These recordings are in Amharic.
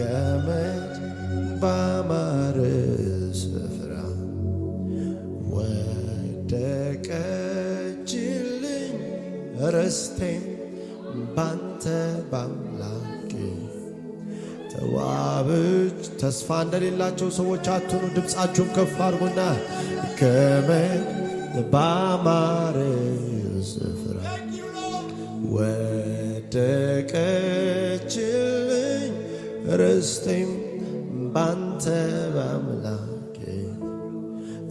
ገመድ ባማረ ስፍራ ወደቀችልኝ ርስቴም ባንተ ባምላኬ። ተዋብች ተስፋ እንደሌላቸው ሰዎች አትኑ። ድምፃችሁን ከፍ አድርጉና ገመድ ባማረ ስፍራ ወደቀ ርስቴም ባንተ በአምላኬ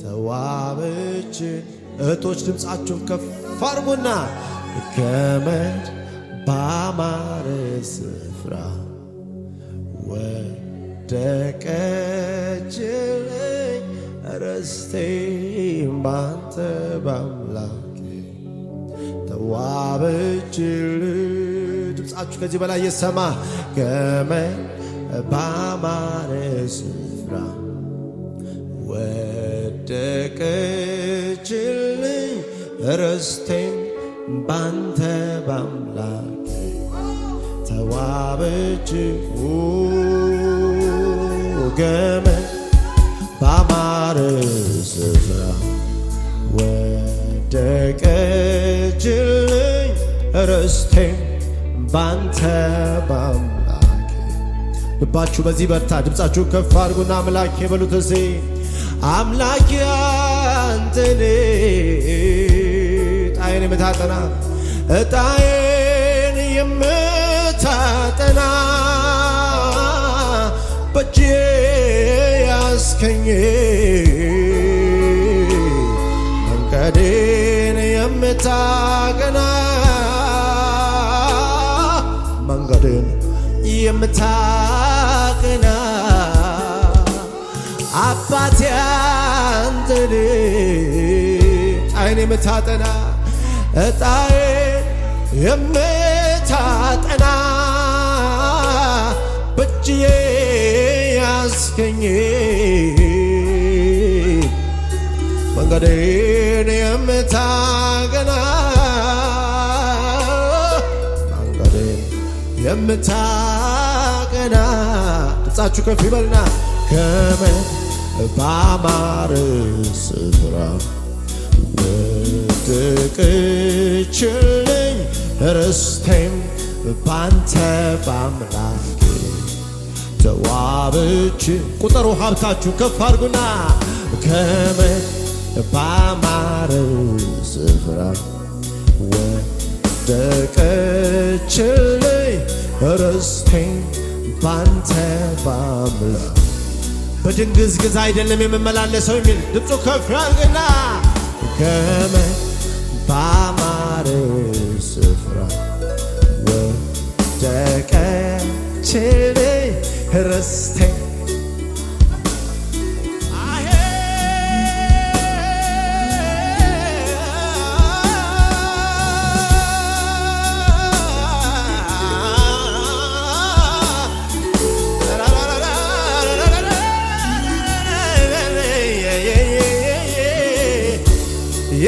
ተዋበች። እህቶች ድምፃችሁን ከፍ አርጉና ገመድ ባማረ ስፍራ ወደቀችልኝ ርስቴም ባንተ በአምላኬ ተዋበችል። ድምፃችሁ ከዚህ በላይ የሰማ ገመድ ባማረ ስፍራ ወደቀችልኝ ርስቴም ባንተ ባምላክ ተዋበች ገመን ባማረ ስፍራ ወደቀችልኝ ርስቴም ባንተ ባም ልባችሁ በዚህ በርታ። ድምፃችሁ ከፍ አድርጉና አምላክ የበሉት እሴ አምላክ አንተን ጣይን የምታጠና እጣይን የምታጠና በእጅ ያስከኝ መንገዴን የምታገና መንገዴን የምታቅና አባት ያንተን የምታጠና እጣዬ የምታጠና በእጅዬ ያስገኝ መንገዴን የምታገና መንገዴን የምታ በልና ድምፃችሁ ከፍ ይበልና ከመን ባማረ ስፍራ ወደቀችልኝ ርስቴም ባንተ ባምላኬ ተዋበች። ቁጠሩ ሀብታችሁ ከፍ አድርጉና ከመን ባማረ ስፍራ ወደቀችልኝ ርስቴም ባንተ በአምላክ በድንግዝግዝ አይደለም የምመላለሰው የሚል ድምፁ ከፍ ያርግና ገመ ባማረ ስፍራ ወደቀችልኝ ርስቴ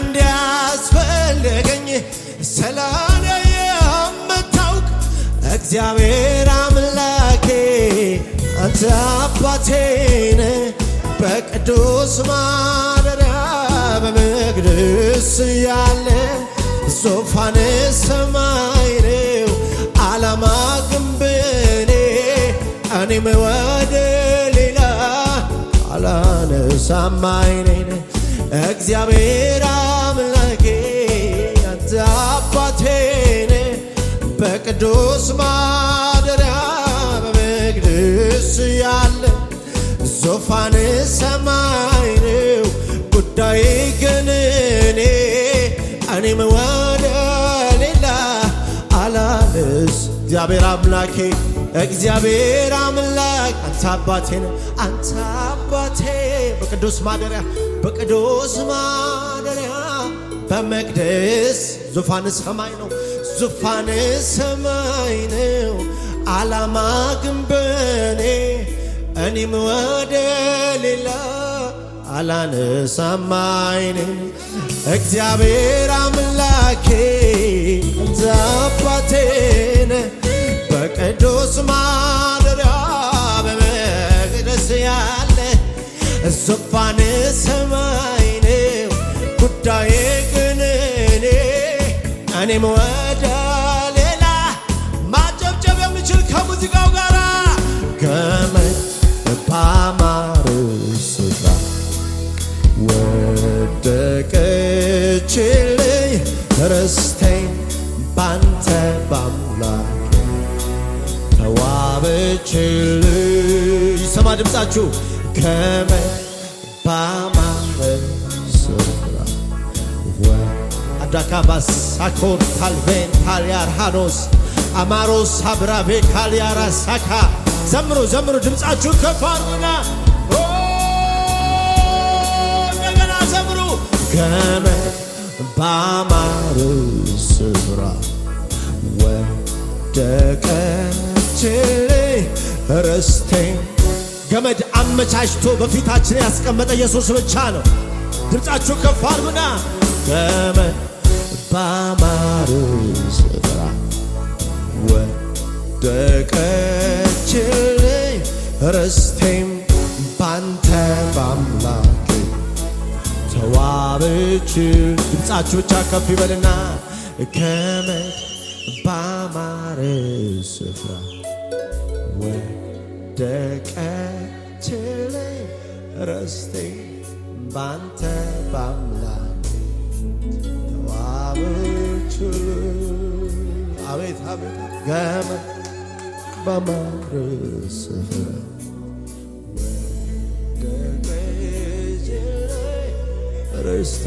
እንዲያስፈልገኝ ስላለ የምታውቅ እግዚአብሔር አምላኬ አንተ አባቴን በቅዱስ ማደሪያ በመቅደስ ያለ ዙፋን ሰማይ ነው ዓላማ ግንብኔ እኔም ወደ ሌላ አላነሳም አይኔን እግዚአብሔር አምላኬ አንተ አባቴ በቅዱስ ማደሪያ በመቅደስ ያለ ዙፋን ሰማይ ነው ጉዳይ ግን እኔ እኔ እግዚአብሔር አምላኬ እግዚአብሔር አምላክ አንተ አባቴ ነው አንተ አባቴ በቅዱስ ማደሪያ በቅዱስ ማደሪያ በመቅደስ ዙፋን ሰማይ ነው ዙፋን ሰማይ ነው አላማ ግንበኔ እኔም ወደ ሌላ አላነሳም እግዚአብሔር አምላኬ አንተ አባቴ ነህ በቅዱስ ማደሪያ በመቅደስ ያለ ዙፋን ሰማይ ነው ጉዳዬ ግን እኔ እኔ ያንሳችሁ ከመባማረ ስፍራ አዳካባስ ሳኮር ታልቬን ታልያርሃኖስ አማሮስ አብራቤ ካልያራ ሳካ ዘምሩ ዘምሩ ድምፃችሁ ከፋኑና እንደገና ዘምሩ ከመ ባማረ ስፍራ ወደቀች ርስቴ ገመድ አመቻችቶ በፊታችን ያስቀመጠ ኢየሱስ ብቻ ነው። ድምፃችሁ ከፍ አድርጉና ገመድ ባማረ ስፍራ ወደቀችልኝ ርስቴም ባንተ በአምላክ ተዋበች። ድምፃችሁ ብቻ ከፍ ይበልና ገመድ ባማረ ስፍራ ደቀችልኝ ርስቴ ባንተ ባምላክ ተዋበች። አቤት አቤት ገመ በማር ስፍራ ወደቀችልኝ ርስቴ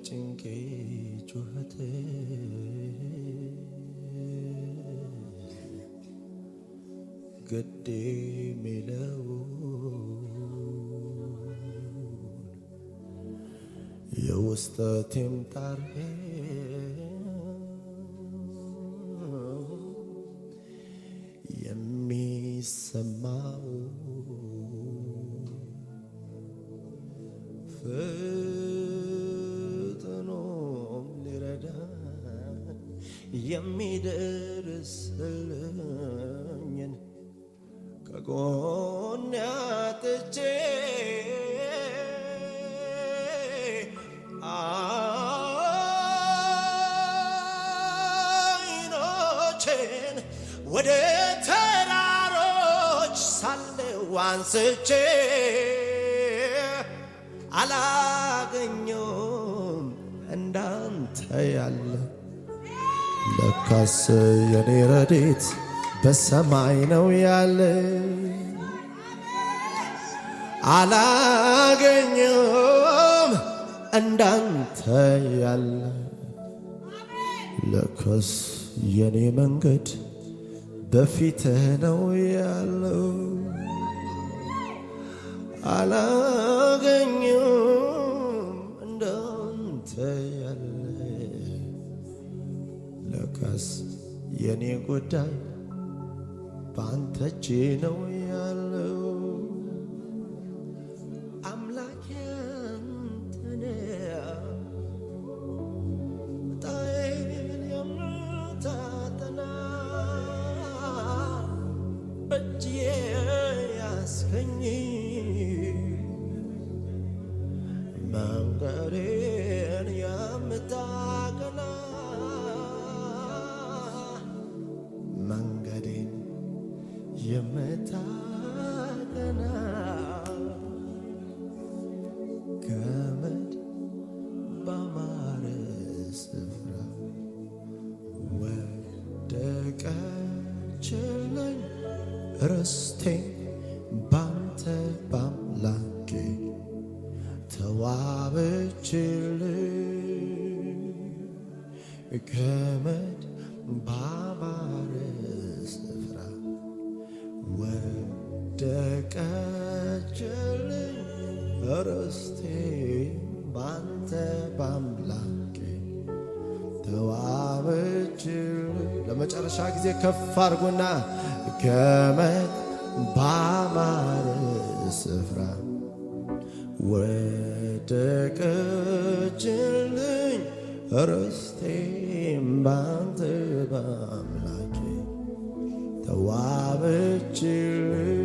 የጭንቄ ጩኸት ግድ የሚለው የውስጥ ቲምጣር የሚሰማ የሚደርስልኝን ከጎን ያጥቼ አይኖቼን ወደ ተራሮች ሳለው አንስቼ አላ ለካስ የኔ ረዴት በሰማይ ነው ያለ አላገኘውም እንዳንተ ያለ ለካስ የኔ መንገድ በፊትህ ነው ያለው አላገኘው ድረስ የኔ ጉዳይ በአንተ እጅ ነው ያለው። አምላኬ አንተነ ጣይን የምታጠና በእጅ ያስገኝ መንገሬን መታቀና ገመድ ባማረ ስፍራ ወደቀችልኝ ርስቴ ተዋበች። ለመጨረሻ ጊዜ ከፍ አድርጎና ገመድ ባማረ ስፍራ ወደቀችልኝ ርስቴም ባንተ በአምላኬ ተዋበችልኝ